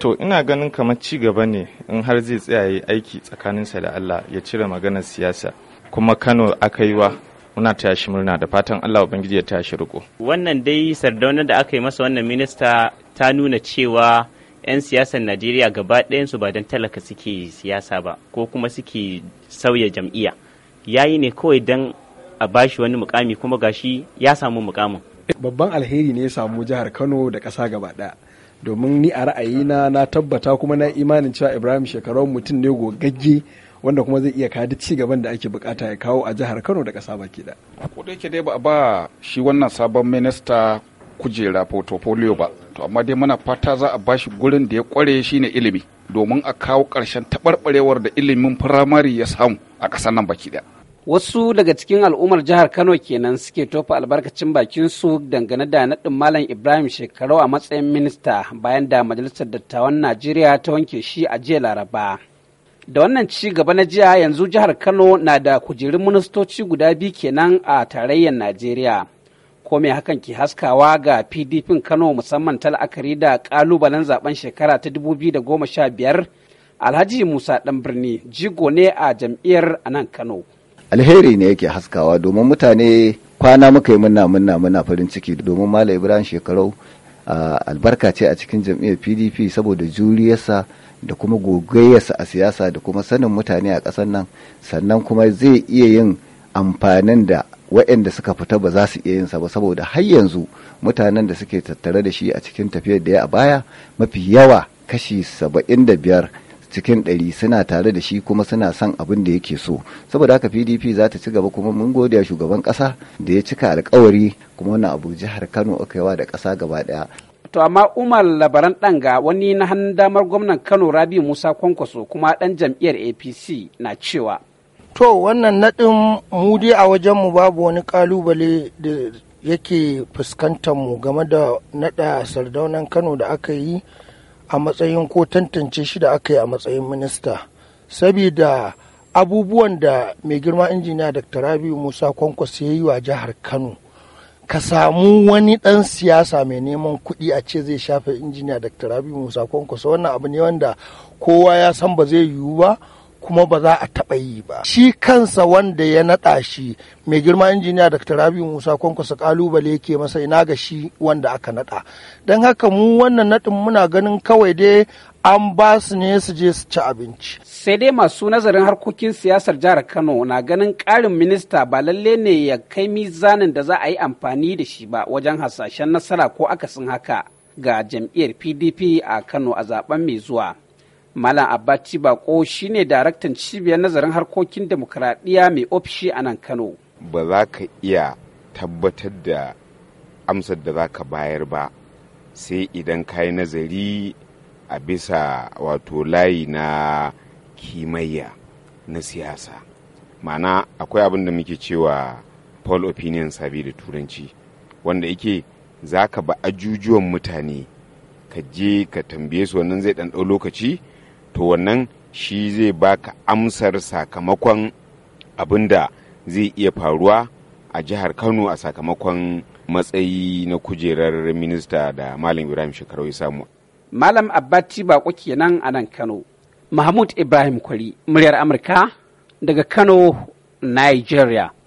To ina ganin kamar ci gaba ne in har zai tsayaye aiki aiki tsakaninsa da Allah ya cire maganar siyasa kuma Kano aka yi wa muna tashi murna da fatan Allah Ubangiji ya tashi riko. Wannan dai sardaunar da aka yi masa wannan minista ta nuna cewa 'yan siyasar Najeriya gaba ɗayansu ba don talaka suke siyasa ba ko kuma suke sauya jam'iyya. Yayi ne kawai don a bashi wani mukami kuma gashi ya samu mukamin. Babban alheri ne ya samu jihar Kano da ƙasa gaba ɗaya. domin ni a ra'ayi na na tabbata kuma na imanin cewa ibrahim shekarun mutum ne gogagge wanda kuma zai iya kadi ci gaban da ake bukata ya kawo a jihar kano da kasa baki da ko da yake dai ba ba shi wannan sabon minista kujera portfolio ba to amma dai muna fata za a bashi gurin da ya kware shine ilimi domin a kawo karshen taɓarɓarewar da ilimin firamare ya samu a ƙasar nan baki ɗaya Wasu daga cikin al'ummar jihar Kano kenan suke tofa albarkacin bakin su dangane da naɗin Malam Ibrahim Shekaru a matsayin minista bayan da Majalisar Dattawan Najeriya ta wanke shi a jiya Laraba. Da wannan ci gaba na jiya yanzu jihar Kano na da kujerun ministoci guda biyu kenan a tarayyar Najeriya. Ko me hakan ke haskawa ga PDP Kano musamman ta la'akari da kalubalen zaben shekara ta 2015 Alhaji Musa Ɗan Birni jigo ne a jam'iyyar a nan Kano. alheri ne yake haskawa domin mutane kwana muka yi muna muna muna farin ciki domin mala ibrahim shekarau albarka ce a cikin jam'iyyar pdp saboda juriyarsa da kuma gogayyarsa a siyasa da kuma sanin mutane a ƙasar nan sannan kuma zai iya yin amfanin da waɗanda suka fita ba za su iya sa ba saboda har yanzu mutanen da suke tattare da shi a cikin tafiyar da ya a baya mafi yawa kashi saba'in da biyar cikin ɗari suna tare da shi kuma suna son abin da yake so saboda haka pdp za ta ci gaba kuma mun gode a shugaban ƙasa da ya cika alkawari kuma wani abu jihar kano aka yawa da ƙasa gaba ɗaya to amma umar labaran ɗanga wani na hannun damar gwamnan kano rabi musa kwankwaso kuma ɗan jam'iyyar apc na cewa to wannan naɗin mu dai a wajenmu babu wani ƙalubale da yake fuskantar mu game da naɗa sardaunan kano da aka yi a matsayin ko tantance shi da aka yi a matsayin minista saboda abubuwan da mai girma injiniya dr rabiu musa kwankwas ya yi wa jihar kano ka samu wani ɗan siyasa mai neman kuɗi a ce zai shafe injiniya dr rabiu musa kwankwas wannan abu ne wanda kowa ya san ba zai yiwu ba kuma ba za a taɓa yi ba shi kansa wanda ya naɗa shi mai girma injiniya dr rabi musa kwankwasa kalubale yake masa ina ga shi wanda aka naɗa don haka mu wannan naɗin muna ganin kawai dai an ba su ne su je su ci abinci. Sai dai masu nazarin harkokin siyasar jihar Kano na ganin ƙarin minista ba lalle ne ya kai mizanin da za a yi amfani da shi ba wajen hasashen nasara ko akasin haka ga jam'iyyar PDP a Kano a zaben mai zuwa. Malam Abaci Bako ne daraktan cibiyar nazarin harkokin demokuraɗiyya mai ofishi a nan Kano. Ba za ka iya tabbatar da amsar da za ka bayar ba sai idan ka yi nazari a bisa wato layi na kimayya na siyasa. Mana akwai abin da muke cewa Paul opinion sabi da turanci wanda yake za ka ba ajujuwan mutane ka je ka tambaye su wannan zai ɗan lokaci to wannan shi zai baka amsar sakamakon abin da zai iya faruwa a jihar kano a sakamakon matsayi na kujerar minista da malam ibrahim shekaru ya samu malam abbati bako kenan a nan kano mahmud ibrahim kwari muryar amurka daga kano nigeria